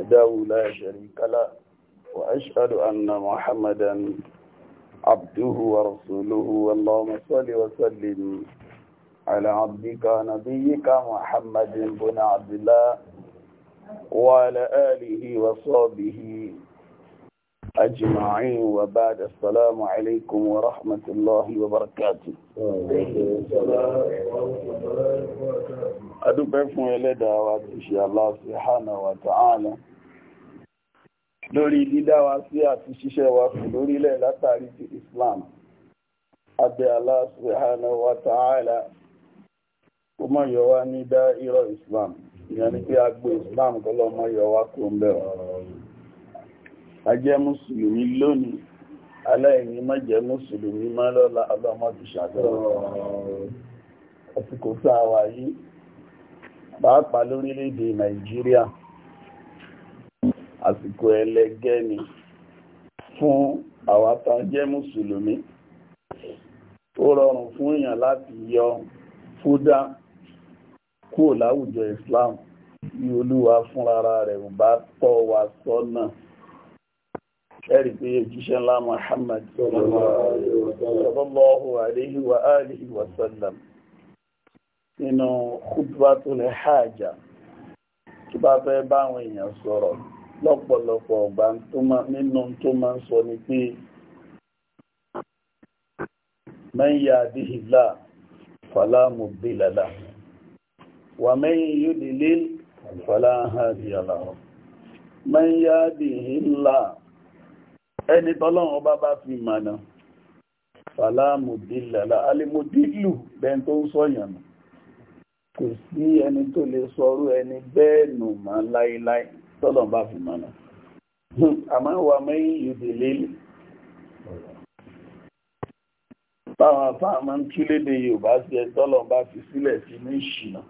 وحده لا شريك له وأشهد أن محمدا عبده ورسوله اللهم صل وسلم على عبدك نبيك محمد بن عبد الله وعلى آله وصحبه أجمعين وبعد السلام عليكم ورحمة الله وبركاته أدوبكم إلى دعوات إن شاء الله سبحانه وتعالى lórí dídá wa sí àti ṣíṣẹ́ wa fún lórílẹ̀ látàrí ti Islam abẹ́ Allah wa ta'ala kó mọ̀ yọ wá ní dá Islam ìyẹn ni pé agbo Islam kọ́lọ́ mọ̀ yọ wá kó ń bẹ̀rọ a jẹ́ mùsùlùmí lónìí aláìní má jẹ́ mùsùlùmí má lọ́la ṣàtọ́rọ̀ sáà pàápàá lórílẹ̀-èdè Nàìjíríà àsìkò ẹlẹgẹ́ ni fún àwa tá a jẹ́ mùsùlùmí ó rọrùn fún èèyàn láti yọ fúdá kúrò láwùjọ Islam bí olúwa fúnra rẹ̀ ò bá tọ́ wa sọ́nà ẹ̀rí pé ojúṣẹ́ ńlá Muhammad sallallahu alayhi wa alihi wa sallam nínú khutbatul haja tó bá fẹ́ báwọn èèyàn sọ̀rọ̀ lọ́pọ̀lọpọ̀ ọ̀gbà nínú tó máa ń sọ ni pé mẹ́yà àdìhìlá fàlámù bílàlá wà mẹ́yìn yóò dìlé fàláhà dìyàlá mẹ́yà àdìhìlá ẹni tọ́lọ́run ọba bá fi mànà fàlámù bílàlá alimodílù bẹ́ẹ̀ tó ń sọ̀yàn kò sí ẹni tó lè sọrú ẹni bẹ́ẹ̀ nù mọ́ láíláí tọ́lọ̀ bá fi mọ́nà àmọ́ wà mẹ́yìn yìí lélẹ̀ báwọn afáàmọ́ ń tú léde Yorùbá sí ẹ tọ́lọ̀ bá fi sílẹ̀ sí ní ìṣìnà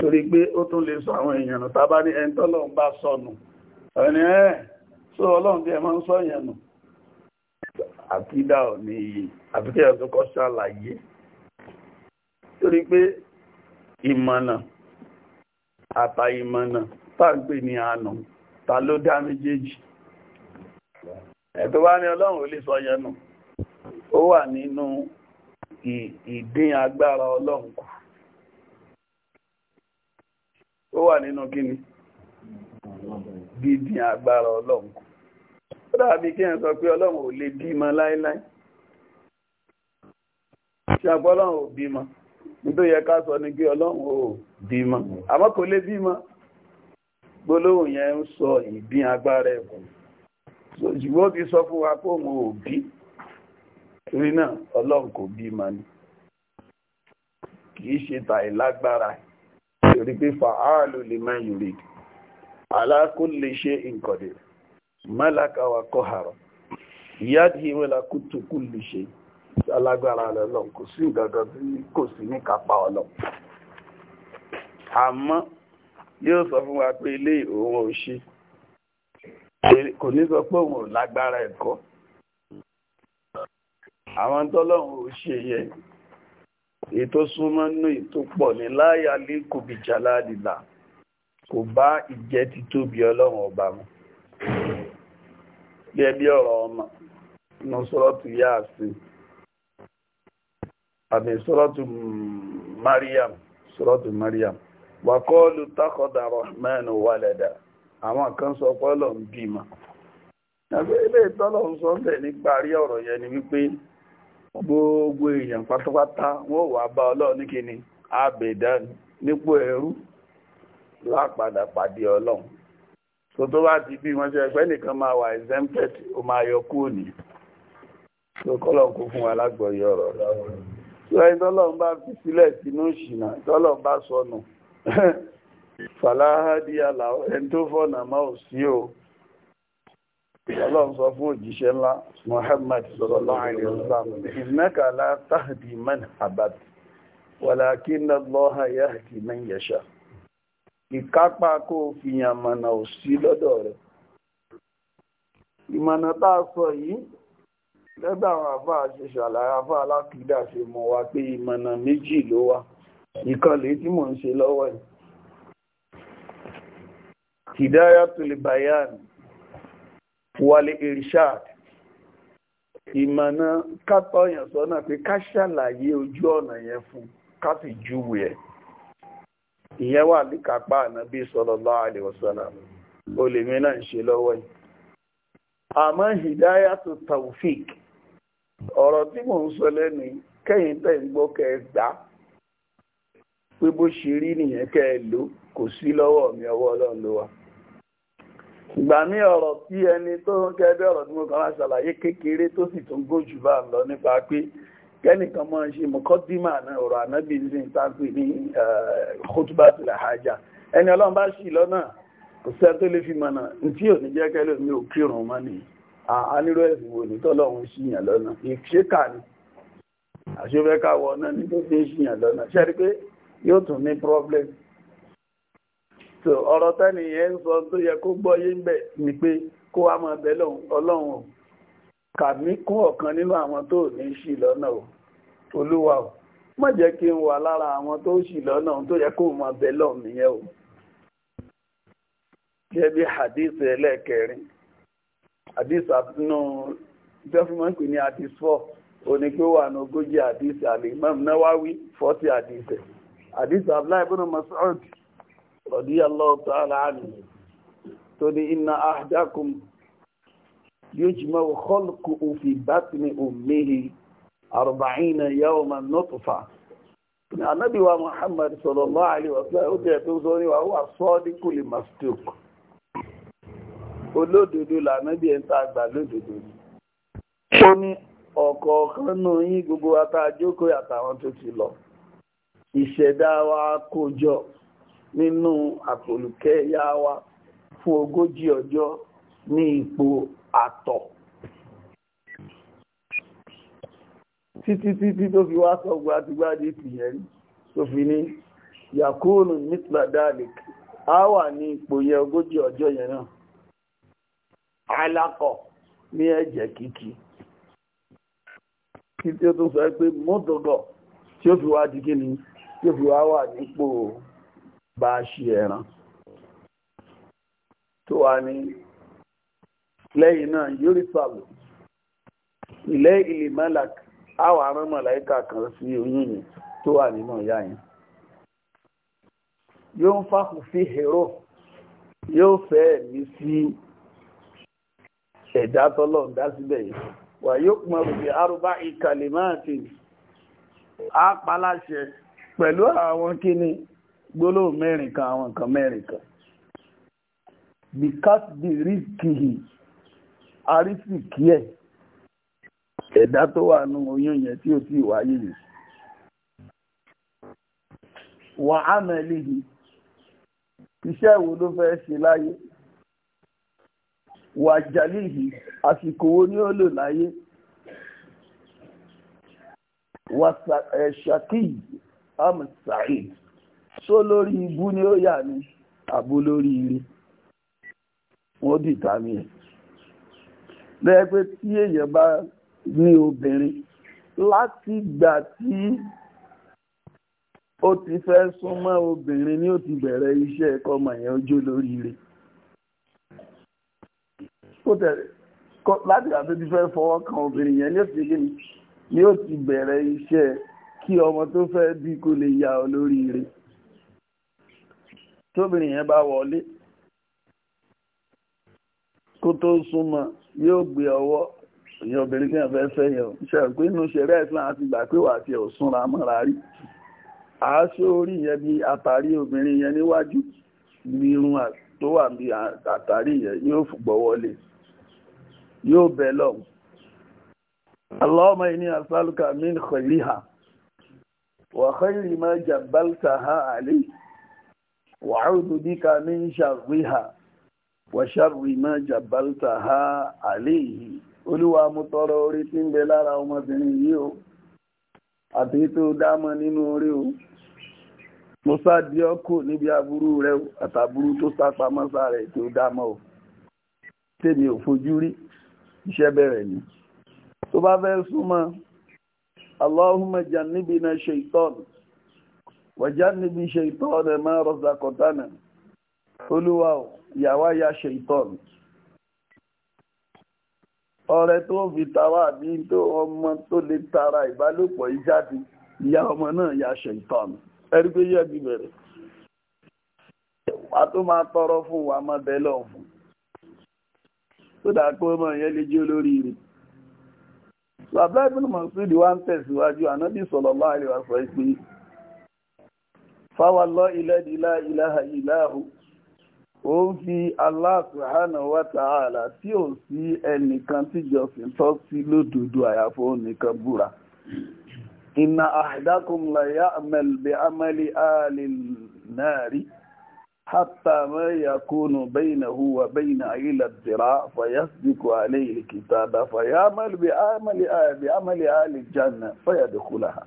torí pé ó tún lè sọ àwọn èèyàn tá bá ní ẹni tọ́lọ̀ bá sọnù ẹni ẹ̀ sọ ọlọ́run tí ẹ máa ń sọ yẹn nù àkídà ò ní iye àfikẹ́ ọ̀tún kọ́ ṣàlàyé torí pé ìmọ̀nà àtàìmọ̀nà tàgbé ní àánú ta ló dá méjèèjì ẹ̀tọ́ wá ọlọ́run sọ yẹnu ó wà nínú ìdín agbára ọlọ́run kù ó wà nínú kíni dídín agbára ọlọ́run kù ó dàbí kí ẹ sọ pé ọlọ́run láíláí ṣe ò bímọ nítorí sọ ni pé ọlọ́run ò bímọ àmọ́ kò lè bímọ gbólóhùn yẹn ń sọ ìbín agbára ẹ̀kùn ṣùgbọ́n ti sọ fún wa pé òun ò bí torí náà ọlọ́run kò bí ma ní kìí ṣe tàì lágbára torí pé fàáàlù lè máa yùrì aláàkó lè ṣe ìkọ̀dẹ̀ mọ́lákàwà kọ́hàrọ̀ ìyáàdì ìwọ̀n lakútukú lè ṣe alágbára lọ́lọ́run kò sí ìgbàgbọ́ kò sí ní kápá ọlọ́run àmọ́ yóò sọ fún wa pé ilé òun ò ṣe kò ní sọ pé òun ò lágbára ẹ̀kọ́ àwọn tọ́lọ́run ò ṣe yẹ ètò súnmọ́ nínú ètò pọ̀ ní láyà lè kò bí jàlá dìlà kò bá ìjẹ́ ti tóbi ọlọ́run ọba mu gẹ́gẹ́ bí ọ̀rọ̀ ọmọ inú sọ́rọ́tù Yásì àbí sọ́rọ́tù Mariam sọ́rọ́tù Mariam. wàkọ́ọ̀lù takọ̀dà rahman wàlẹ̀dà àwọn kan sọ pé ọlọ́run ń ma àbí ilé ìtọ́lọ̀ ń sọ bẹ̀ níparí ọ̀rọ̀ ni wípé gbogbo èèyàn pátápátá wọn ò bá ọlọ́run kíni àbẹ̀dá nípò ẹrú pàdé ọlọ́run tó tó bá ti ṣe ẹgbẹ́ nìkan máa wà exempted ó máa yọ kúrò ní fún wa bá fi sílẹ̀ sínú ìṣìnà bá sọnù. fàláhádì aláwọ̀ ẹni tó fọ́nà máa ò sí o ọlọ́run sọ fún òjíṣẹ́ ńlá Muhammad sallallahu alaihi wasallam innaka la tahdi man ahbabta walakinna Allaha yahdi man yasha ìkápá kó fìyàn mọ̀nà ò sí lọ́dọ̀ rẹ̀ ìmọ̀nà tá a sọ yìí lẹ́gbẹ̀ẹ́ àfáà ṣe ṣàlàyé àfáà alákìídà ṣe mọ̀ wá pé ìmọ̀nà méjì ló wà ìkọlù tí mò ń ṣe lọ́wọ́ yìí hidayatul bayan wàlẹ̀ irishad ìmọ̀nà kátọ́yàn sọ́nà pé ká ṣàlàyé ojú ọ̀nà yẹn fún ká sì júwe ẹ̀ ìyẹn wà níkàpá ànábí sallallahu alaihi wasallam olèmí náà ń ṣe lọ́wọ́ yìí àmọ́ hidayatul tawfik ọ̀rọ̀ tí mò ń sọ lẹ́nu kẹ́yìn tẹ̀ ń gbọ́ kẹ́ gbàá pé bó ṣe rí nìyẹn kẹ́ ẹ lò kò sí lọ́wọ́ mi ọwọ́ ọlọ́run ló wà ìgbà mí ọ̀rọ̀ tí ẹni tó ń kẹ́ bí ọ̀rọ̀ tí mo kàn máa ṣàlàyé kékeré tó sì tún gójù bá ń lọ nípa pé kẹ́nìkan máa ń ṣe mọ̀kọ́dímà náà ọ̀rọ̀ ànábì ní ìtàgbé ní khutbatul haja ẹni ọlọ́run bá ṣì lọ́nà kò sẹ́ tó lè fi mọ̀nà tí ò ní jẹ́ kẹ́lẹ́ mi ò kírun mọ́ ni aníró ẹ̀sìn wò ní tọ́lọ́run ṣìyàn lọ́nà ìṣèkà ni àṣọfẹ́ká wọ náà ní tó fi ń ṣìyàn lọ́nà ṣẹ́rí pé yóò tún ní problem so ọ̀rọ̀ tẹ́ni yẹn ń sọ tó yẹ kó gbọ́ yé ń bẹ̀ ni pé kó wá máa bẹ̀ ọlọ́run o kàmí kún ọ̀kan nínú àwọn tó ní ṣì lọ́nà o olúwa o má jẹ́ kí n wà lára àwọn tó ṣì lọ́nà tó yẹ kó máa bẹ̀ lọ́hùn nìyẹn o jẹ́ bí hadith ẹlẹ́ẹ̀kẹrin hadith àbínú jọ́fìmọ́ pè ní hadith four ní ogójì hadith àlè Imam Nawawi forty hadith ẹ̀ hadith abdullahi ibn mas'ud radiyallahu ta'ala anhu tó ní inna ahdakum yujma'u khalquhu fi batni ummihi arba'ina yawman nutfa Ànábì wa Muhammad sallallahu alaihi wa sallam ó tẹ̀ tó sọ ní wàhùn as-sadiqul masduq olódodo lànàbí ẹ̀ ń ta àgbà lódodo ni. Ó ní ọ̀kọ̀ọ̀kan nù yín gbogbo atájókòó àtàwọn tó ti lọ ìṣẹ̀dá wa kó jọ nínú àpòlùkẹ́yà wa fún ogójì ọjọ́ ní ipò àtọ̀ títí títí tó fi wá sọ gbájúgbájú ìpìyẹn tó fi ní yakunu mitla dalik a wà ní ipò yẹ ogójì ọjọ́ yẹn náà alákọ̀ ní ẹ̀jẹ̀ kíkí kí tí ó tó sọ pé mọ́tògọ̀ tí ó fi wá di kí ni tí ó fi wá wà nípò bá ṣe ẹ̀ràn tó wà ní lẹ́yìn náà yorùsàlù ilẹ̀ ilẹ̀ malak àwọn arán mọ̀láìkà kan sí oyún yìí tó wà nínú ìyá yẹn yóò ń fàkù sí hero yóò fẹ́ ẹ̀mí sí ẹ̀dá tọ́lọ̀ ń dá síbẹ̀ yìí wà yóò pọ̀ bí arúbá ìkàlẹ̀ máa ti á pẹ̀lú àwọn kíni gbólóhùn mẹ́rin kan àwọn nǹkan mẹ́rin kan because the risk yìí arísìkí ẹ̀ ẹ̀dá tó wà nù oyún yẹn tí ó sì wáyé yìí wà á mẹ́lẹ̀ yìí iṣẹ́ wo ló fẹ́ ṣe láyé wà jálẹ̀ yìí àsìkò wo ni ó lò láyé wà ṣàkíyì am sa'id ṣó lórí ibú ni ó yà ní àbú lórí ire wọ́n dìtà mí ẹ̀ lẹ́yẹ pé tí èèyàn bá ní obìnrin láti gbà tí ó ti fẹ́ súnmọ́ obìnrin ni ó ti bẹ̀rẹ̀ iṣẹ́ ẹ̀kọ́ mọ̀yàn ojú lórí ire láti àti ti fẹ́ fọwọ́ kan obìnrin yẹn ni ó ti bẹ̀rẹ̀ iṣẹ́ kí ọmọ tó fẹ́ bí kò lè yà ọ lóríire tóbìnrin yẹn bá wọlé kó tó súnmọ́ yóò gbé ọwọ́ ìyẹn obìnrin tí wọ́n fẹ́ fẹ́ yẹn ṣẹ̀rù pé inú ṣẹ̀rẹ́ islam àti ìgbà pé wà tí ò súnra mọ́ra rí aṣọ orí yẹn bí àtàrí obìnrin yẹn níwájú irun tó wà bí àtàrí yẹn yóò gbọ́wọ́lé yóò bẹ̀ lọ́wọ́. Allahumma inni as'aluka min khayriha وخير ما جبلتها عليه وأعوذ بك من شرها وشر ما جبلتها عليه olúwa mo tọrọ orí tí ń bẹ lára ọmọbìnrin yìí o àti tó dámọ nínú orí o mo sáàdì ọkọ níbi aburú rẹ àtàburú tó sápamọ́sá rẹ tó dámọ o tèmi ò fojú rí iṣẹ́ bẹ̀rẹ̀ ni tó bá fẹ́ súnmọ́ اللهم jannibina shaitan wa jannibi shaitan ma razaqtana olúwa yàwá ya shaitan ọ̀rẹ́ tó fi tàwa àbí tó ọmọ tó lè tara ìbálòpọ̀ ìjáde ìyá ọmọ náà ya shaitan ẹ̀rí pé yẹ́ bí bẹ̀rẹ̀ a tó máa tọrọ fún wa máa bẹ́ lọ́wọ́ tó dà pé ọmọ yẹn lè jẹ́ olóríire so abdullahi ibn masud wa ń tẹ̀síwájú ànábì sallallahu alaihi wasallam pé fawallahi alladhi la ilaha illahu ó ń fi Allah subhanahu wa ta'ala tí ò sí ẹnìkan tíjọsìn tọ́ sí lódodo àyàfó nìkan búra inna ahadakum la ya'mal bi amali alil nari حتى ما يكون بينه وبين إلى الذراع فيصدق عليه الكتاب فيعمل بعمل بعمل أهل الجنة فيدخلها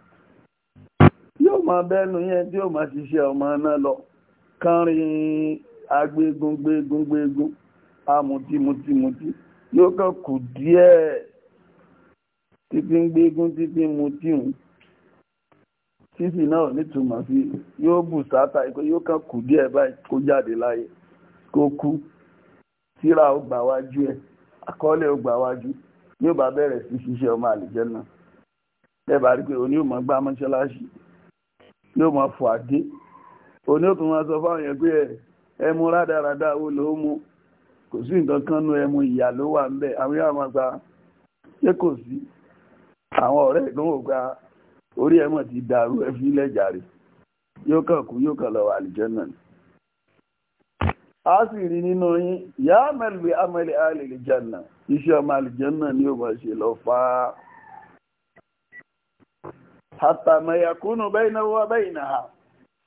yóò máa bẹ́nu yẹn tí yóò máa ṣiṣẹ́ ọmọ náà lọ kánrin agbégun gbégun gbégun amutimutimutí yóò kàn kù díẹ̀ títí ń gbégun títí mutí hùn títì náà nítumọ̀ sí yóò bù sátà ikú yóò kàn kù díẹ̀ báyìí kó jáde láyé kó kú síra ó gbà wájú ẹ̀ àkọọ́lẹ̀ ó gbà wájú yóò bá bẹ̀rẹ̀ sí ṣiṣẹ́ ọmọ àlìjẹ́ náà lẹ́bàá rí pé òní ò mọ̀ gbá mọ́ṣáláṣí yóò mọ̀ fò àdé òní ò tún máa sọ fáwọn yẹn pé ẹ ẹmu rádaràdà wo ló mú kò sí nǹkan kan nu ẹmu ìyà ló wà ń bẹ àwọn yàrá máa gba ṣé kò sí àwọn ọ̀rẹ́ ìdánwò gba orí ẹ̀mọ̀ ti dàrú ẹ fi yóò kàn kú yóò kàn lọ wà ni. a sì rí nínú yín iṣẹ́ ọmọ àlìjẹ́ ni yóò máa ṣe lọ fà á. àtàmẹ̀yàkúnú bẹ́ẹ̀ náà wá bẹ́ẹ̀ náà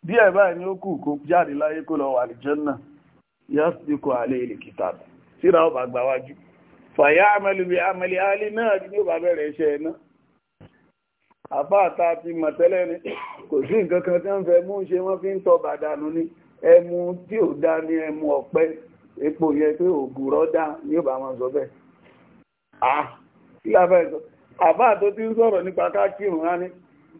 díẹ̀ báyìí ni ó kù kó jáde láyé kó síra ọba fàyà àlì náà ni àbá àta ti mọ̀ tẹ́lẹ̀ ni kò sí nǹkan kan tí wọ́n fẹ́ mú ṣe wọ́n fi ń tọ́ bàdànù ni ẹmu tí ò dá ní ẹmu ọ̀pẹ epo yẹ pé ògùrọ̀ dá ní ò bá wọn sọ bẹ́ẹ̀. à kí lábẹ́ sọ àbá tó ti ń sọ̀rọ̀ nípa ká kírun á ní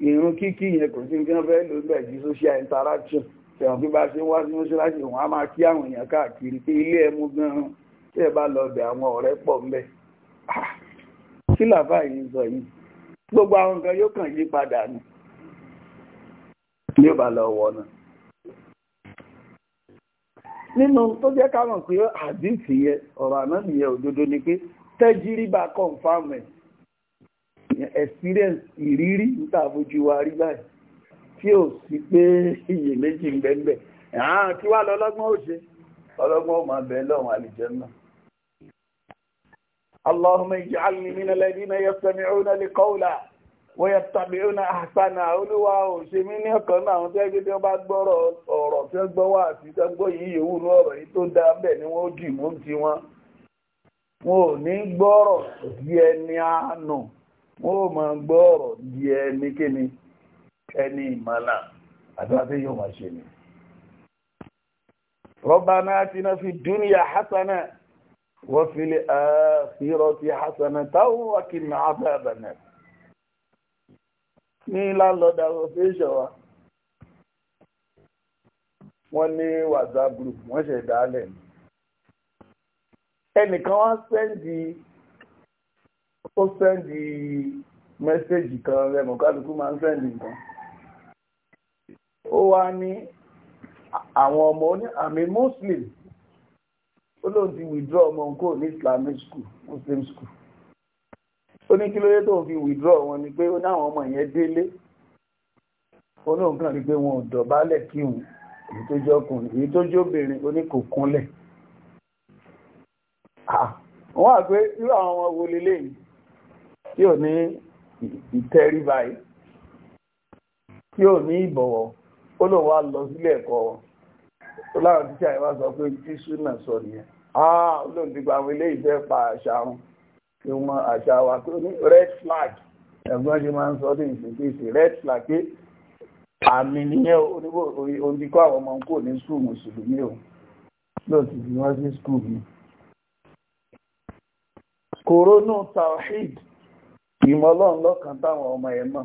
ìrun kíkí yẹn kò sí nǹkan fẹ́ ló bẹ̀ ju social interaction ṣẹ̀wọ̀n bí bá ṣe wá sí mọ́ṣáláṣí wọn á máa kí àwọn èèyàn káàkiri pé ilé ẹmu gan-an tí ẹ bá lọ bẹ̀ àwọn ọ̀rẹ́ pọ̀ ńbẹ̀. kí làbá yìí sọ yìí gbogbo àwọn nǹkan yóò kàn yí padà ní ní ìbàlẹ̀ ọ̀wọ̀ náà nínú tó jẹ́ káwọn pé àdìsí yẹ ọ̀rọ̀ àná nìyẹn òdodo ni pé tẹ́jíríbà confam ẹ̀ experience ìrírí níta àfojú wa rí báyìí tí ò sí pé iyèméjì ń bẹ́ẹ̀ bẹ́ẹ̀ àwọn tí wàá lọ ọlọ́gbọ́n ó ṣe ọlọ́gbọ́n ó máa bẹ́ẹ̀ lọ́wọ́n àlìjẹ́ náà اللهم اجعلني من الذين يستمعون لقولا ويتبعون احسنا olúwa ò ṣe mí ní ọ̀kan náà tí gbọ́ wá gbọ́ yìí yòówù ní yìí tó dáa bẹ́ẹ̀ ni ti wọn. wọn ò ní ni. وفي الآخرة حسنة وقنا عذاب النار ní láńlọ́dà ọ̀fẹ́ṣọ̀ wa wọ́n ní whatsapp group wọ́n ṣẹ̀ dálẹ̀ ẹnìkan wá sẹ́ndì ó sẹ́ndì mẹ́sẹ̀gì kan rẹ̀mọ̀ kálukú máa ń sẹ́ndì nǹkan ó wá ní àwọn ọmọ àmì muslim ó ti withdraw ọmọ nǹkó ní islamic school muslim school ó ní kí ló dé tóun fi withdraw wọn ni pé ó ní àwọn ọmọ yẹn délé ó lóun kàn rí pé wọn ò dọ̀bálẹ̀ kí òun èyí tó jẹ́ ọkùnrin èyí tó jẹ́ obìnrin ó ní kò kúnlẹ̀ wọ́n wà pé irú àwọn ọmọ wo leléyìí tí ò ní ìtẹríba yìí tí ò ní ìbọ̀wọ̀ ó lóun wá lọ sílé ẹ̀kọ́ wọn ó láwọn tíṣà yìí wá sọ pé tíṣú náà sọ nìyẹn ah olóhùn ti gba àwọn ilé ìfẹ́ pa àṣà wọn kí wọ́n àṣà wa tó ní red flag ẹ̀gbọ́n ṣe máa ń sọ ní ìsìnkìsì red flag pé àmì nìyẹn oníbò òǹdíkọ́ àwọn ọmọ kò ní skul mùsùlùmí o lóòtù tí wọ́n sí skul mi. kòrónù tawhid ìmọ̀lọ́run lọ́kàn táwọn ọmọ ẹ̀ mọ̀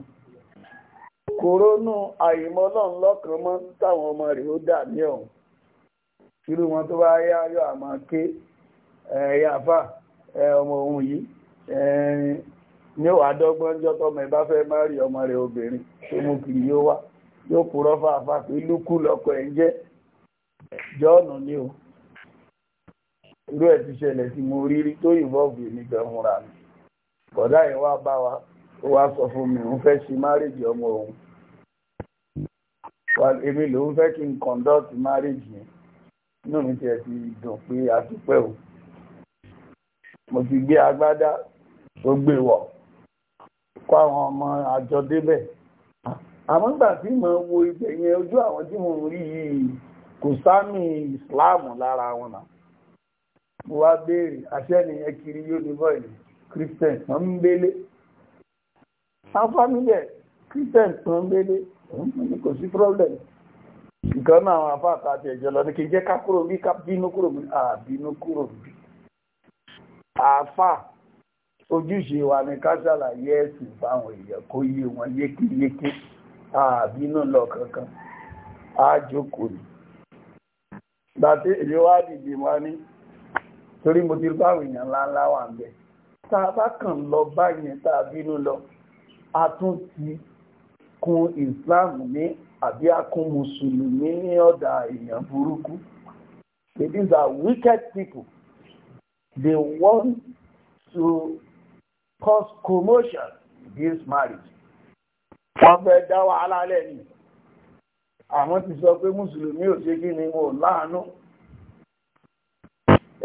kòrónù àìmọ̀lọ́run lọ́kàn mọ́ táwọn ọmọ rẹ̀ ó dà ní ọ̀hún. irú wọn tó bá yá yọ àmọ́ ké ẹ̀yàfà ọmọ òun yìí ní wà dọ́gbọ́n jọ tọmọ ìbá fẹ́ má rí ọmọ rẹ̀ obìnrin tó mú kiri yóò wá yóò kúrọ́ lúkú lọ́kọ̀ ẹ̀ ń jẹ́ jọ́ọ̀nù ni o irú ẹ̀ ti ṣẹlẹ̀ mo rí tó ìvọ́ọ̀bù mi gbẹ̀múra mi wá bá wa ó sọ fún mi òun fẹ́ ṣe márèjì ọmọ òun èmi lòun fẹ́ kí n márèjì inú mi tiẹ̀ ti dùn pé a dúpẹ́ o mo ti gbé agbádá tó gbé wọ̀ kó àwọn ọmọ àjọ débẹ̀ àmọ́ gbà tí mo wo ibẹ̀ yẹn ojú àwọn tí mo rí yìí kò sáàmì ìsìláàmù lára wọn náà mo wá béèrè àṣẹ nìyẹn kiri yóò ní bọ́ọ̀lù christian kan ń gbélé àwọn fámílẹ̀ christian kan ń gbélé kò sí problem nǹkan náà àwọn afá àtàtì ẹ̀jẹ̀ lọ ní kí n jẹ́ ká kúrò bí ká bínú kúrò bí àbínú kúrò bí àfà ojúṣe wa ni ká ṣàlàyé ẹ̀sìn fáwọn èèyàn kó yé wọn yékéyéké àbínú lọ kankan àjókòó ni gbàtí èyí wá dìde wá ní torí mo ti rí báwọn èèyàn ńláńlá wà ń bẹ tá a bá kàn lọ báyẹn tá a bínú lọ a tún ti kun Islam ní àbí akún mùsùlùmí ní ọ̀dà èèyàn burúkú. These are wicked people. They want to cause commotion against marriage. Wọ́n fẹ́ dá wàhálà lẹ́nu. Àwọn ti sọ pé Mùsùlùmí ò ṣe kí ni wọn ò láàánú.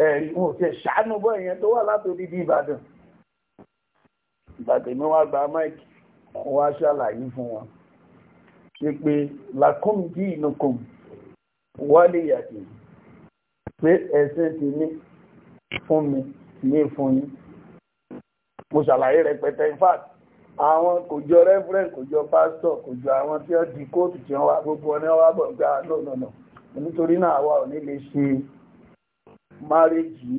Ẹ̀rí wọn ò ṣe ṣàánú bọ́ ìyẹn tó wà látòdìdí Ìbàdàn. Ìbàdàn mi wá gba máìkì, wọ́n wá ṣàlàyé fún wọn wípé lakum dinukum waliya din pé ẹ̀sìn ti ní fún mi ní fún yín mo ṣàlàyé rẹpẹtẹ in àwọn kò jọ reverend kò jọ pastor kò jọ àwọn tí wọ́n di kóòtù tí wọ́n wá gbogbo wọn wá bọ̀ gbà ah, no no no nítorí náà àwa ò ní lè ṣe márèjì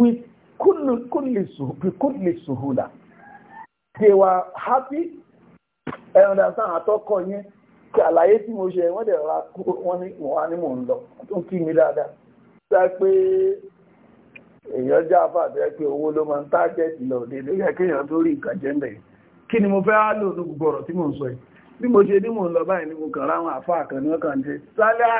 with kúlì sùhùlà they were happy ẹ understand àtọ́kọ̀ yẹn kí àlàyé tí mo ṣe wọ́n dẹ̀ ra kúrò wọ́n ní mo ní mò ń lọ tó kí mi dáadáa pé èèyàn já pé owó ló máa ń lọ dé tó rí kí ni mo fẹ́ á lò ní gbogbo ọ̀rọ̀ tí mò ń sọ yìí bí mo ṣe ní mò ń lọ báyìí ní mo kàn ráwọn àfáà kan ní wọ́n kàn ṣe sálẹ́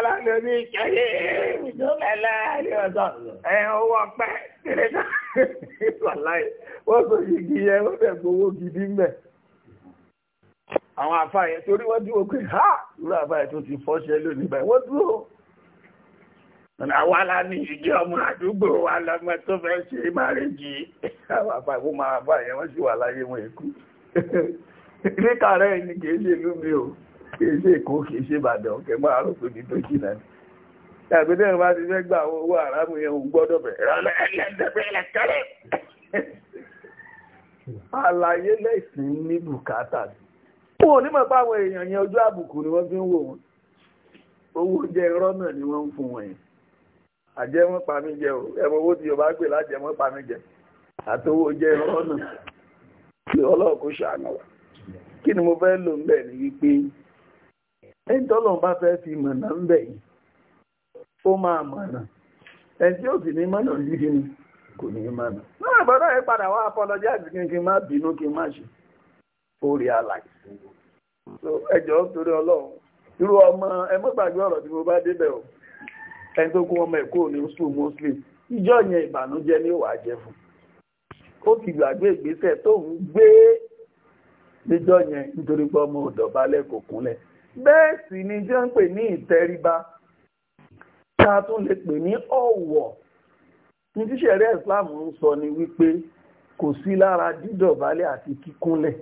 wọ́n wọ́n fẹ́ àwọn àfáàyẹ torí wọ́n dúró pé ha irú àfáàyẹ tó ti fọ́ṣẹ́ lónìí báyìí wọ́n dúró àwa la ní ìjọ ọmọ àdúgbò wa lọmọ tó fẹ́ ṣe márèjì àwọn àfáàyẹ wọ́n máa àfáàyẹ wọ́n sì wà láyé wọn èkú ní kààrẹ́ ni kìí ṣe ìlú mi o kìí ṣe èkó kìí ṣe ìbàdàn kẹ máa rò pé ní tó jìnà ní àgbẹ̀dẹ̀ ìrìn bá ti fẹ́ gba àwọn owó àrámù yẹn òun gbọ́dọ̀ bẹ̀rẹ̀ rọ́lẹ́ ẹlẹ́dẹ̀gbẹ̀lẹ̀ kẹ́lẹ̀ àlàyé lẹ́sìn ní bùkátà sí wọn ò ní mọ̀ pé èèyàn yẹn ojú àbùkù ni wọ́n fi ń wò owó jẹ náà ni wọ́n ń fún wọn yẹn àjẹmọ́ jẹ o ẹ̀mọ owó tí o gbé lájẹmọ́ jẹ àtowó jẹ náà ọlọ́run kò ṣàánú wa mo fẹ́ lò ń bẹ̀ wípé ẹni bá fẹ́ fi mọ̀nà ń bẹ̀ yìí ó máa mọ̀nà ẹni tí ó sì ní mọ̀nà yìí kò ní mọ̀nà. náà O realize. so ẹjọ́ torí ọlọ́run irú ọmọ ẹ má gbàgbé ọ̀rọ̀ mo bá débẹ̀ o ẹni tó kún ọmọ ẹ̀kọ́ ní school muslim ìjọ yẹn ìbànújẹ́ ní jẹ fún ó ti gbàgbé ìgbésẹ̀ tó ń yẹn nítorí ọmọ ọ̀dọ̀ ni jẹ́ ń pè ní ìtẹríba ta tún lè islam ń ni wípé kò sí lára àti kíkúnlẹ̀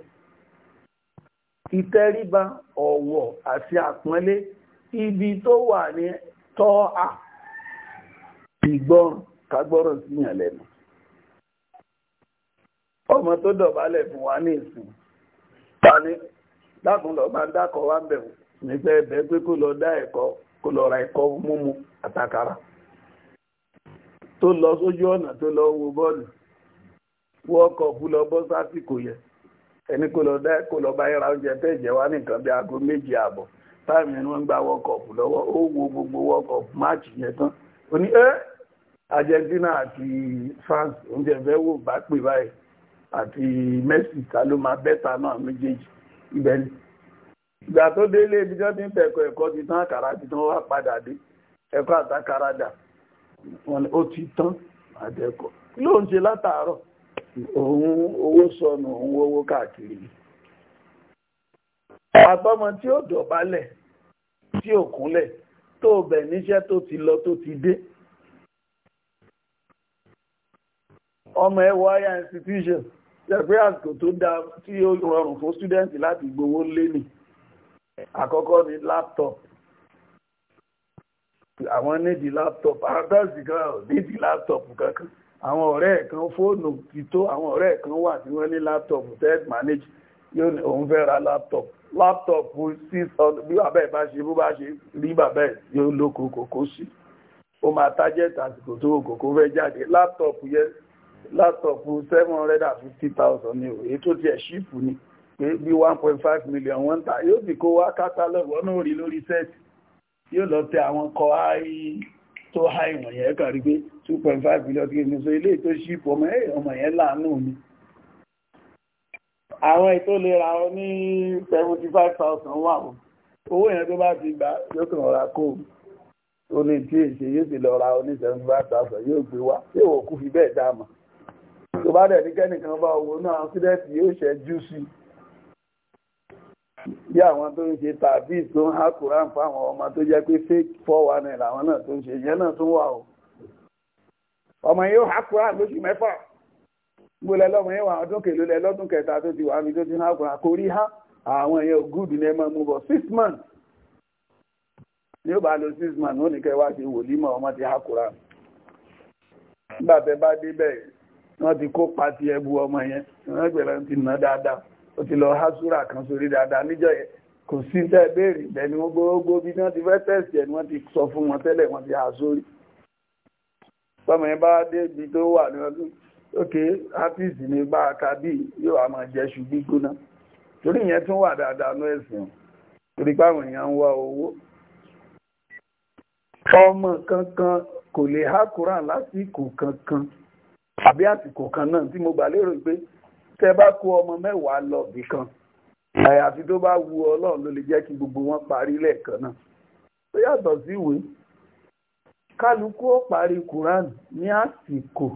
ìtẹríba ọ̀wọ̀ àti àpọ́nlé ibi tó wà ní tọ́ à ìgbọ́n kagbọ́rọ̀ sí yàn lẹ́nu ọmọ tó dọ̀bálẹ̀ fún wa ní ìsìn tani dákun lọ bá ń dákọ̀ wá bẹ̀ nígbà ẹ̀bẹ̀ pé kó lọ dá ẹ̀kọ́ kó lọ ra ẹ̀kọ́ múmu àtàkàrà tó lọ sójú ọ̀nà tó lọ wo bọ́ọ̀lù wọ́ọ̀kọ̀ fún lọ bọ́ sásìkò yẹn ẹni kò lọ dá kò lọ bá yẹra oúnjẹ tẹ́ ìjẹ́ wá nìkan bí aago méjì ààbọ̀ táàmì ẹni wọ́n gba wọ́kọ̀pù lọ́wọ́ ó wo gbogbo wọ́kọ̀pù máàcì yẹn tán ó ní ẹ́ Argentina àti France oúnjẹ fẹ́ wò bá pè báyìí àti Messi ta ló máa bẹ́ta náà méjèèjì ibẹ̀ ni. ìgbà tó délé ibi tí wọ́n ti ń tẹ̀kọ̀ ẹ̀kọ́ ti tán àkàrà ti tán wá padà dé ẹ̀kọ́ àtàkàrà dà wọ́n ní ó ti tán àtẹ̀kọ́ kí ló ń ṣe látàárọ̀ òun owó sọnù òun owó káàkiri àtọmọ tí ó dọ̀bálẹ̀ tí ò kúnlẹ̀ tó bẹ̀ níṣẹ́ tó ti lọ tó ti dé ọmọ ẹwọ higher institution ṣẹ̀pẹ́ àsìkò tó dá tí ó rọrùn fún student láti gbowó lé ní àkọ́kọ́ laptop àwọn nídìí laptop àwọn dọ́sì kan nídìí laptop kankan àwọn ọ̀rẹ́ kan fóònù ti tó àwọn ọ̀rẹ́ kan wà tí wọ́n ní láptọ̀pù tech manage yóò ní òun fẹ́ ra láptọ̀pù láptọ̀pù six hundred bí bàbá ẹ̀ bá ṣe bó bá ṣe rí bàbá ẹ̀ yóò lóko kòkó sí ó máa tájẹ́ tàsìkò tó kòkó fẹ́ jáde láptọ̀pù yẹn láptọ̀pù seven hundred and fifty thousand ni òye tó tiẹ̀ ṣíìpù ni pé bí one point five million wọ́n ń ta yóò sì kó wá kátálọ̀gù ọ̀nà òrì lórí sẹ́ẹ̀tì yóò lọ tẹ àwọn kọ tó há ìmọ̀ yẹn kàrí pé 2.5 billion tí ní so ilé tó ṣí ìpọ̀ ọmọ yẹn láàánú ni àwọn ètò lè ra ọ ní 75,000 wà ó owó yẹn tó bá ti gbà yóò kàn ra kó o lè tí èṣe yóò sì lọ ra ọ ní 75,000 yóò gbé wá tí òkú fi bẹ́ẹ̀ dáàmà tó bá dẹ̀ ní kẹ́nìkan bá owó náà sídẹ́ẹ̀tì yóò ṣẹ́jú sí i bí àwọn tó ń ṣe tàbí tó ń hákùrán fáwọn ọmọ tó jẹ́ pé fake four one nine làwọn náà tó ń ṣe yẹn náà tún wà o ọmọ yóò hákùrán lóṣù mẹ́fà gbọ́lẹ̀ lọ́mọ yẹn wà ọdún kèlò lẹ lọ́dún kẹta tó ti wà mí tó ti ń hákùrán kò rí há àwọn yẹn gúdù ní ẹ máa mú bọ̀ six months ni ó bá lo six months ó ní kẹ́ wá ṣe wòlímọ̀ ọmọ ti hákùrán nígbà tẹ bá débẹ̀ wọ́n ti kó pati ẹbu ọmọ yẹn wọ́n gbẹ̀rẹ̀ ti ná dáadáa ó ti lọ hásúrà kan sórí dáadáa níjọ́ yẹn kò sí tẹ́ béèrè bẹ́ẹ̀ ni wọ́n gbogbo bí wọ́n ti fẹ́ tẹ̀sì ẹ̀ ni wọ́n ti sọ fún wọn tẹ́lẹ̀ wọ́n ti há sórí tọ́mọ yẹn bá dé ibi tó wà ní ọdún ókè ápìsì ní bá a ka bí yóò wá máa jẹ ṣù gbígbóná torí ìyẹn tún wà dáadáa ní ẹ̀sìn torí páwọn èèyàn ń wá owó ọmọ kankan kò lè há Kùránì lásìkò kankan àbí àsìkò kan náà tí mo gbà lérò pé tẹ bá kó ọmọ mẹ́wàá lọ bì kan àyàfi tó bá wu ọlọ́run ló lè jẹ́ kí gbogbo wọn parí lẹ́ẹ̀kan náà tó yàtọ̀ sí ìwé kálukú ó parí quran ní àsìkò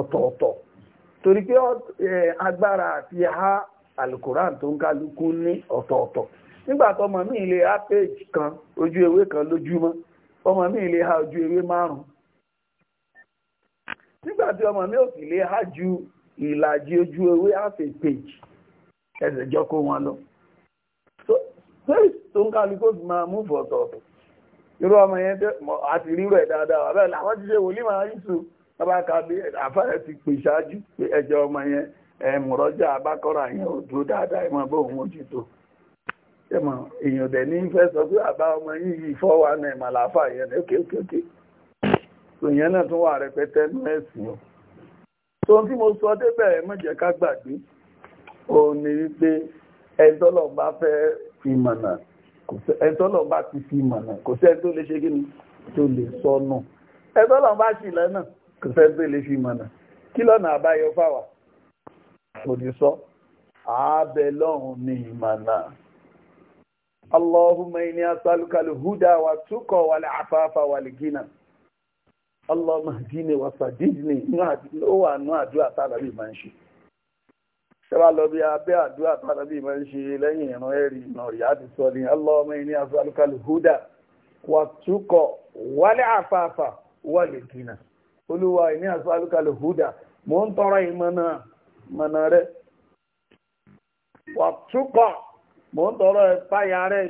ọ̀tọ̀ọ̀tọ̀ torí pé agbára àti ha alukuran tó ń kálukú ní ọ̀tọ̀ọ̀tọ̀ nígbà tó ọmọ mi lè ha page kan ojú ewé kan lójúmọ́ ọmọ mi lè ha ojú ewé márùn-ún nígbà tí ọmọ mi ò sì lè ha ju ìlàjì ojú ewé half a page ẹsẹ̀ jọ kó wọn lọ tó ń kálukó máa mú fọ̀tọ̀ọ̀tọ̀ irú ọmọ yẹn tẹ́ àti rírọ ẹ̀ dáadáa wà bẹ́ẹ̀ làwọn ti ṣe wòlíì máa ń sùn lọ́ba kàbí àfáàrẹ̀ ti pè ṣáájú pé ẹjọ́ ọmọ yẹn ẹ̀mùrọ́jà abákọ́rọ̀ yẹn ò dúró dáadáa ẹ̀mọ́ bó òun mójútó ẹ̀mọ́ èèyàn dẹ̀ ní fẹ́ sọ pé àbá ọmọ yìí fọ́ wa náà ẹ̀mọ́ làáfà yẹn ní òkè òkè òkè tòyẹn náà tún wà rẹpẹtẹ nú ẹ̀sìn o so ohun tí mo sọ débẹ̀ ẹ má jẹ́ ká gbàgbé òun ni wípé ẹni tọ́lọ̀ bá fẹ́ fi mọ̀nà ẹni tọ́lọ̀ bá ti fi mọ̀nà kò sẹ́ni tó lè ṣe kí ni tó lè sọnù ẹni tọ́lọ̀ bá ṣì kò sẹ́ni tó lè fi mọ̀nà kí lọ́nà àbáyọ fáwa kò ní sọ ààbẹ lọ́hùn ní ìmọ̀nà Allahumma inni as'aluka huda wa tuqa wal afafa wal ghina ọlọ́mọ dínì wàsà dínì disney wà nú àdúrà tánàbí máa ń ṣe ṣẹ́wà lọ bí abẹ́ àdúrà ń ṣe lẹ́yìn ìran ẹ̀rì ìnà rí àti sọ ní ẹni húdà wà túkọ̀ wálé àfààfà wálé dínà olúwa ẹni asálùkálù húdà mò ń tọrọ ìmọ̀nà rẹ wà túkọ̀ mò ń tọrọ ìpáyà rẹ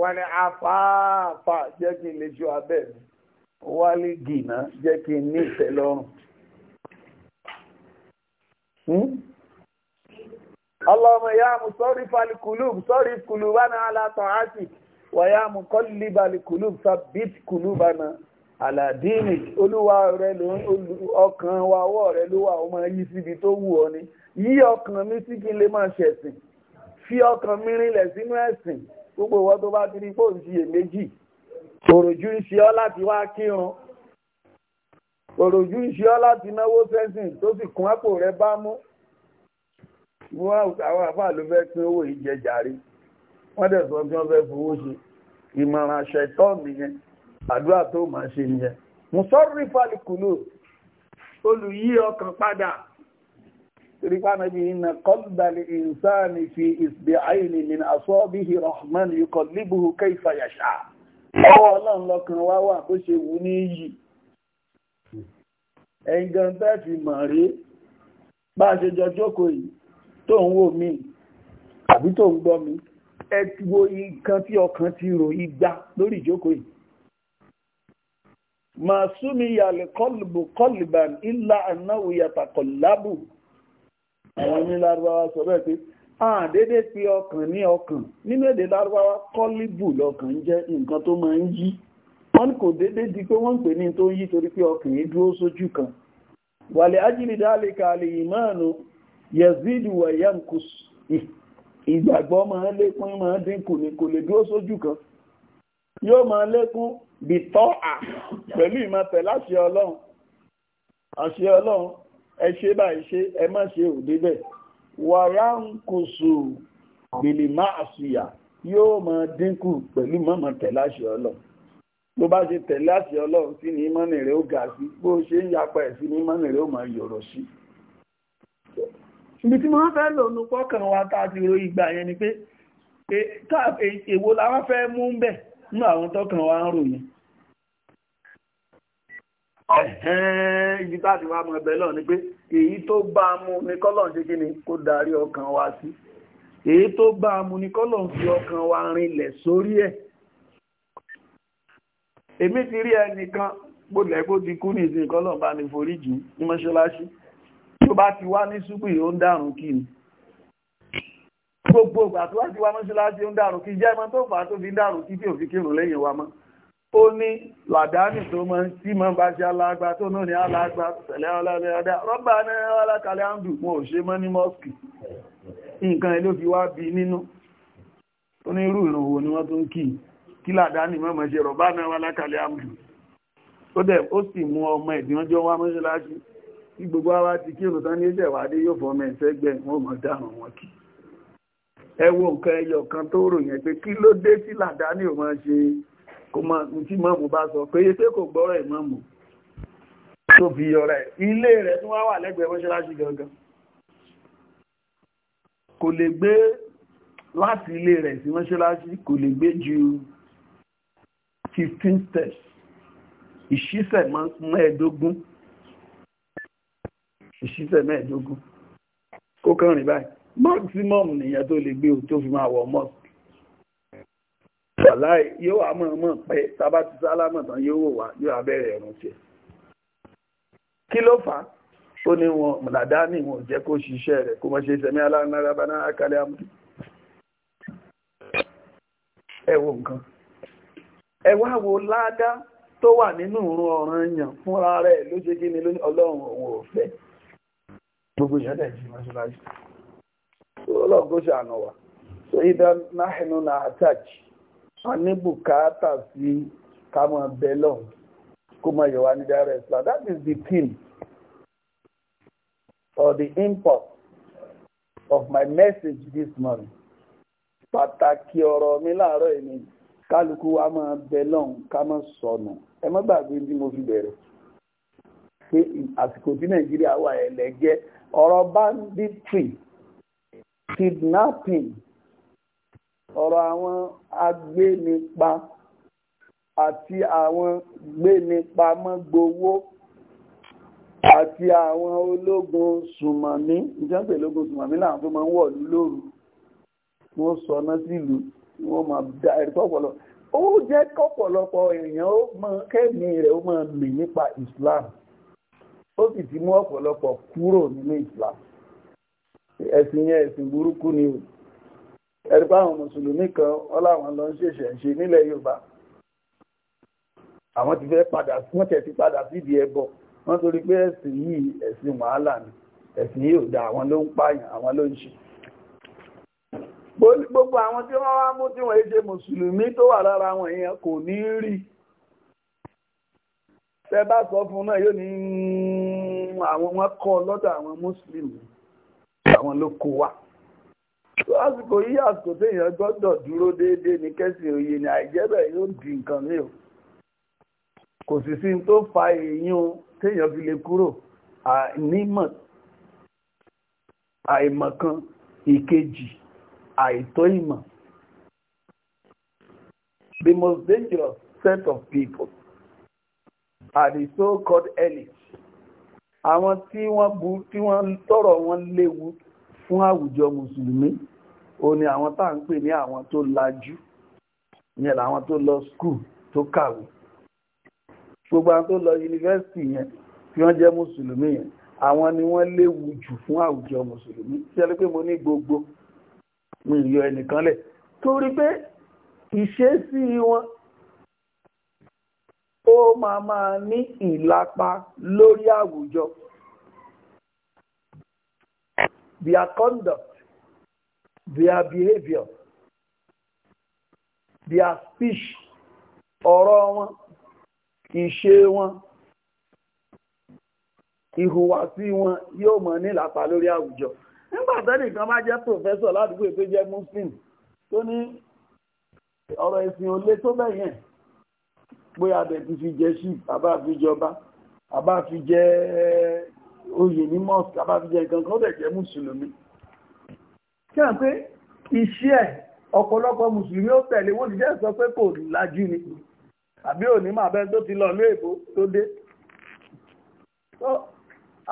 wálé àfààfà jẹ́ kí n lè wálé gìnà jẹ́ kí n ní ìtẹ́lọ́rùn hmm? Allahumma ya musarrif al-qulub sarrif qulubana ala ta'atik wa ya muqallib al-qulub sabbit qulubana ala olúwa rẹ̀ ló ọkàn wa ọwọ́ rẹ̀ ló wà ó máa yí síbi tó wù ọ́ ni yí ọkàn mi sí kí n lè máa ṣẹ̀sìn fi ọkàn mi rinlẹ̀ sínú ẹ̀sìn gbogbo ìwọ tó bá ti rí fóònù sí èméjì òròjú ń ṣe ọ́ láti wá kírun òròjú ń ṣe ọ́ láti náwó sẹ́sìn tó sì kún rẹ bá mú wọ́n àwọn àfáà ló fẹ́ pín owó yìí jẹ jàre wọ́n dẹ̀ sọ bí wọ́n fẹ́ fowó ṣe ìmọ̀ràn ṣẹ̀tọ́ nìyẹn àdúrà tó máa ṣe nìyẹn mùsọ́rí Fi, olùyí ọkàn padà rípánàbí iná kọ́lùdàlì ìsáàni fi ìsbẹ̀ àìní min ọwọ́ ọlọ́run lọ́kàn wá wà bó ṣe wù ní yìí ẹ̀yin gan mọ̀ rí bá ṣe jọ jókòó yìí tó ń wò mí àbí tó ń gbọ́ mi ẹ wo nǹkan tí ọkàn ti rò igba lórí ìjókòó yìí màá súnmi yàlẹ̀ kọlùbù àwọn a àdédé fi ọkàn ní ọkàn nínú èdè lárúbáwá kọ́líbù lọkàn jẹ nǹkan tó máa ń yí wọn kò dédé di pé wọn ń pè ní tó ń yí torí pé ọkàn yìí dúró sójú kan wàlẹ̀ ajínigbà lè ka lè ìmáànù yazidu wa yankus ìgbàgbọ́ máa lékún máa dínkù ní kò lè dúró sójú kan yóò máa lékún bí tọ́ à pẹ̀lú ìmọ̀tẹ̀ láṣẹ ọlọ́run àṣẹ ọlọ́run ẹ ṣe báyìí ṣe ẹ má ṣe òde bẹ́ẹ̀ wàránkùsù bìlì máa ṣìyà yóò máa dínkù pẹ̀lú mọ́mọ́ tẹ̀lé àṣẹ ọlọ́run ló bá ṣe tẹ̀lé àṣẹ ọlọ́run sí ní mọ́nì rẹ̀ ó ga sí bó ṣe ń yapa ẹ̀ sí ní mọ́nì rẹ̀ ó máa yọ̀rọ̀ sí ibi tí wọ́n fẹ́ lòun pọ́kàn wa tá a ti ro ìgbà yẹn ni pé èwo làwọn fẹ́ mú bẹ̀ nínú àwọn tọ́kàn wa ń ròyìn ibi tá a ti wá mọ ẹbẹ lọ ni pé èyí tó bá mú ní kọ́lọ̀n ṣe kíni kó darí ọkàn wa sí èyí tó bá mú ní kọ́lọ̀n fi ọkàn wa rinlẹ̀ sórí ẹ̀ èmi ti rí ẹnìkan gbọ́dẹ̀ kó ti kú ní kọ́lọ̀n bá ní foríjì ní mọ́ṣáláṣí tó bá ti wá ní ṣúgbì ó ń dàrún kí ni gbogbo ìgbà tó wá ti wá mọ́ṣáláṣí ó ń dàrún kí jẹ́ mọ́ tó fà á tó fi ń dàrún kí tí ò fi kírun lẹ́yìn wa mọ́ ó ní làdáni tó mọ́ tí mọ́ bá ṣe alágbà tó náà ni alágbà tẹ̀lé ọlọ́lẹ́ọdá rọ́bà náà alákàlẹ̀ àndù mọ́ ò ṣe mọ́ ní mọ́sùkì nǹkan ẹ̀ ló fi wá bí nínú tó ní irú ìrànwọ́ ni wọ́n tó ń kí kí làdáni mọ́ mọ́ ṣe rọ́bà náà alákàlẹ̀ àndù ó dẹ̀ ó sì mú ọmọ ìdíwọ́jọ́ wá mọ́ṣáláṣí tí gbogbo wa ti kírun tán ní ẹ̀ṣẹ̀ wádé yóò fọ́ mẹ́sẹ́gbẹ̀ wọn mọ̀ dáhùn wọn kí ẹ wo nǹkan ẹyọ kan tó rò pé kí ló dé tí làdáni ò máa ṣe kó máa mú tí mọ́mù bá sọ pé yẹ́sẹ́ kò gbọ́rọ̀ ìmọ́mù tó fi yọ rẹ̀ ilé rẹ̀ tó wá wà lẹ́gbẹ̀ẹ́ mọ́ṣáláṣí gangan kò lè gbé láti ilé rẹ̀ sí mọ́ṣáláṣí kò lè gbé ju 15 steps ìṣísẹ̀ mẹ́ẹ̀ẹ́dógún ìṣísẹ̀ mẹ́ẹ̀ẹ́dógún kó kàn rìn báyìí maximum nìyẹn tó lè gbé o tó fi máa wọ̀ mọ́sí wàláì yóò wà mọ̀ mọ̀ pé tábà ti tán yóò wá yóò abẹ́rẹ́ ẹ̀rùn tiẹ̀ kí ló fà á ní wọn mọ̀làdá ní wọn jẹ́ kó ṣiṣẹ́ rẹ̀ kó mọ̀ ṣe sẹ̀mí aláǹdárabaná akálẹ̀ amú ẹ wo nǹkan ẹ wá wo tó wà nínú fúnra rẹ̀ ló ṣe kí ni ọlọ́run òun ò fẹ́ gbogbo ìyá dẹ̀ jí mọ́ṣáláṣí ọlọ́run kó ní bùkátà sí kámọ̀ bẹ́lọ̀ kó mọ̀ yọ̀wá ní dára islam that is the theme or the import of my message this morning pàtàkì ọ̀rọ̀ mi láàárọ̀ yìí ni kálukú wa máa bẹ lọ́hùn ká má sọnù ẹ má gbàgbé bí mo fi bẹ̀rẹ̀ pé àsìkò tí nàìjíríà wà ẹlẹ́gẹ́ ọ̀rọ̀ banditry kidnapping ọ̀rọ̀ àwọn agbénipa àti àwọn gbénipamọ́gbowó àti àwọn ológun sùmọ̀mí ìjọba ológun sùmọ̀mí làwọn tó máa ń wọ̀lú lóru wọ́n sọ ọ́nà sílùú wọ́n máa da ẹ̀rí pọ̀pọ̀lọ ó jẹ́ kọ́pọ̀lọpọ̀ èèyàn ó mọ kẹ́mi rẹ̀ ó máa mì nípa Islam ó sì ti mú ọ̀pọ̀lọpọ̀ kúrò nínú Islam ẹ̀sìn yẹn ẹ̀sìn burúkú ni o ẹ̀rùpá àwọn mùsùlùmí kan ọláwọn lọ ń ṣẹ̀ṣẹ̀ ń ṣe nílẹ̀ Yorùbá àwọn ti fẹ́ padà wọ́n tẹ̀ ti padà síbi ẹbọ wọ́n torí pé ẹ̀sìn yìí ẹ̀sìn wàhálà ni ẹ̀sìn yìí ò da àwọn ló ń pààyàn àwọn ló ń ṣe gbogbo àwọn tí wọ́n wá mú tí wọ́n ṣe mùsùlùmí tó wà lára wọn yẹn kò ní rí tẹ bá sọ fún náà yóò ní hmm, àwọn wọn kọ lọ́dọ̀ àwọn mùsùlùmí àwọn ló kó wa lásìkò yí àsìkò téèyàn gbọ́dọ̀ dúró déédéé ní kẹ́sìn òye ni àìjẹ́bẹ̀ yóò di nǹkan mi o kò sì sí tó fa èyí o téèyàn fi lè kúrò ànímọ̀ àìmọ̀kan ìkejì àìtó ìmọ̀ the most dangerous set of people are the so-called elites àwọn tí wọ́n bu tí wọ́n tọ̀rọ̀ wọn léwu fún àwùjọ mùsùlùmí o ni àwọn tá ń pè ní àwọn tó lajú ìyẹn làwọn tó lọ skul tó kàwé gbogbo àwọn tó lọ yunifásitì yẹn tí wọ́n jẹ́ mùsùlùmí yẹn àwọn ni wọ́n léwu jù fún àwùjọ mùsùlùmí tí ẹni pé mo ní gbogbo mi yọ ẹnìkan lẹ̀ torí pé ìṣesí wọn ó máa máa ní ìlapa lórí àwùjọ their conduct, their behavior, their speech, ọ̀rọ̀ wọn, ìṣe wọn, ìhùwàsí wọn yóò mọ̀ nílàpá lórí àwùjọ. Nígbà tẹ́nì kan bá jẹ́ pòfẹ́sọ̀ ládùúgbò tó jẹ́ Muslim tó ní ọ̀rọ̀ ìsìn olé tó bẹ̀yẹn bóyá bẹ̀ ti fi jẹ sí àbá àfijọba àbá àfijẹ́ oyè ní mosque abáfíjẹ gangan ó dẹ̀ jẹ́ mùsùlùmí kí wọ́n pé iṣẹ́ ẹ̀ ọ̀pọ̀lọpọ̀ mùsùlùmí ó tẹ̀lé wọ́n ti jẹ́ sọ pé kò lájú ni àbí òní máa bẹ́ tó ti lọ ní èbó tó dé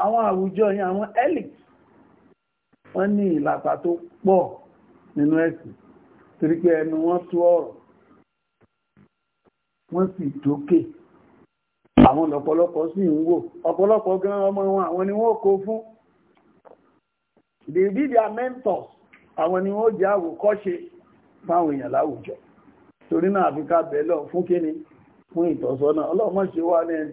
àwọn àwùjọ yẹn àwọn elite wọ́n ní ìlàpà tó pọ̀ nínú ẹ̀sìn torí pé ẹnu wọn tú ọ̀rọ̀ wọ́n sì dókè. Okay àwọn lọ́pọ̀lọpọ̀ sì ń wò ọ̀pọ̀lọpọ̀ gan ọmọ wọn àwọn ni wọ́n kó fún they be their mentors àwọn ni wọ́n jẹ́ àwòkọ́ṣe fáwọn èèyàn láwùjọ torí náà àfi ká lọ fún kíni fún ìtọ́sọ́nà ọlọ́run ṣe wá ní ẹni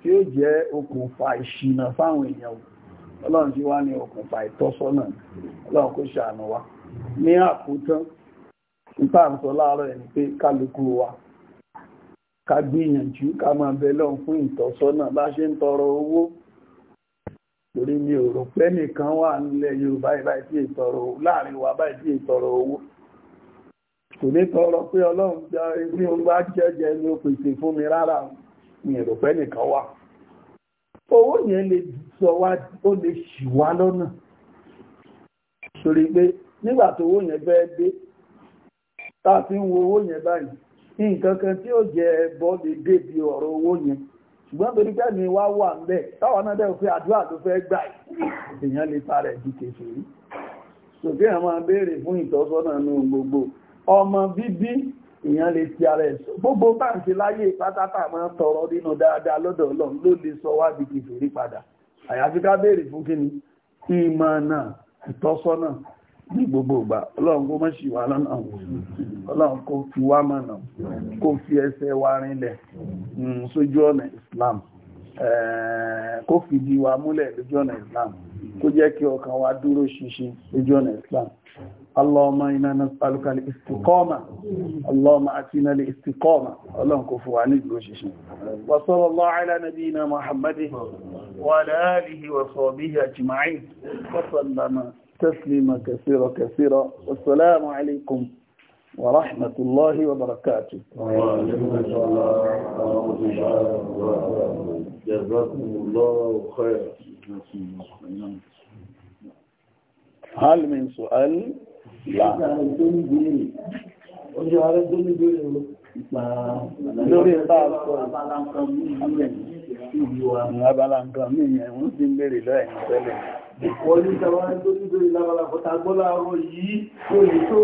tí ó jẹ́ okùnfà ìṣìnà fáwọn èèyàn ọlọ́run ṣe wá ní okùnfà ìtọ́sọ́nà ọlọ́run kó ṣàánú wa ní àkótán ìtàǹsọ láàárọ̀ ẹni pé kálukú wa ká gbìyànjú ká máa bẹ lọ́n fún ìtọ́sọ́nà bá ṣe ń tọrọ owó torí mi ò rò pé nìkan wà nílẹ̀ Yorùbá ìbáyìí tí ìtọrọ owó láàrin wa báyìí tí ìtọrọ owó kò ní tọrọ pé Ọlọ́run jẹ́ ní ọgbà jẹ́jẹ ní ó fún mi rárá mi ò rò pé nìkan wà owó yẹn lè sọ wá ó lè ṣì wá lọ́nà torí pé nígbà tó owó yẹn bẹ́ẹ̀ dé tá a fi ń wo owó yẹn báyìí nǹkan kan tí ó jẹ ẹbọ lè débi ọ̀rọ̀ owó yẹn ṣùgbọ́n torí pẹ́ mi wá wà ń bẹ̀ táwọn náà dẹ̀wò pé àdúrà tó fẹ́ gbà èèyàn lè rẹ̀ di máa béèrè fún ìtọ́sọ́nà gbogbo ọmọ bíbí èèyàn lè ara ẹ̀ sọ gbogbo báǹkì láyé máa ń tọrọ nínú dáadáa lọ́dọ̀ ọlọ́run ló lè sọ wá di padà àyàfi ká béèrè fún kíni ìmọ̀ náà ní gbogbo ìgbà ọlọ́run kó mọ́ṣì wà lọ́nà ọlọ́run kó fi wá mọ̀nà kó fi ẹsẹ̀ wa rinlẹ̀ mm, sójú ọ̀nà Islam kó fìdí wa múlẹ̀ lójú ọ̀nà Islam kó jẹ́ kí ọkàn wa dúró ṣinṣin lójú ọ̀nà Islam اللهم إنا نسألك الاستقامة اللهم أتنا الاستقامة اللهم كفو عنك وششن وصلى الله على نبينا محمد وعلى آله وصحبه أجمعين وسلم تسليما كثيرا كثيرا والسلام عليكم ورحمة الله وبركاته وعليكم الله ورحمة الله وبركاته جزاكم الله خير هل من سؤال؟ لا لا لا لا لا لا لا لا لا لا لا لا لا لا wọ́n ní ìjọba tó ń gbé ìlàbàlà kọta gbọ́lá ọ̀rọ̀ yìí tó yìí tó